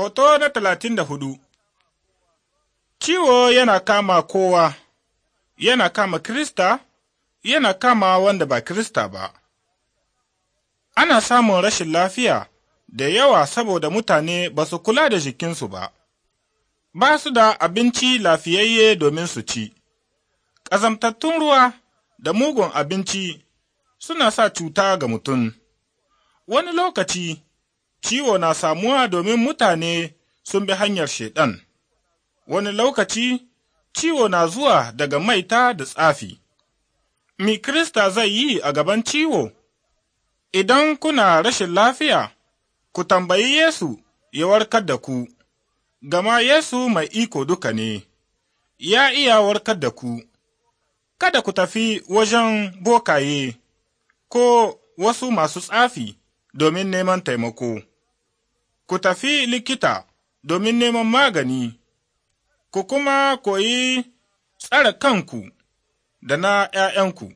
Hoto na talatin da hudu Ciwo yana kama kowa, yana kama Krista, yana kama wanda ba Krista ba. Ana samun rashin lafiya da yawa saboda mutane ba su kula da jikinsu ba, ba su da abinci lafiyayye domin su ci. Ƙazamtattun ruwa da mugun abinci suna sa cuta ga mutum. Wani lokaci, ciwo na samuwa domin mutane sun bi hanyar Shaiɗan, wani lokaci ciwo na zuwa daga maita da tsafi. Mi Krista zai yi a gaban ciwo? Idan kuna rashin lafiya, ku tambayi Yesu ya warkar da ku, gama Yesu mai iko duka ne, ya iya warkar da ku, kada ku tafi wajen bokaye ko wasu masu tsafi domin neman taimako. ku tafi likita domin neman magani, ku kuma koyi tsare kanku da na ’ya'yanku.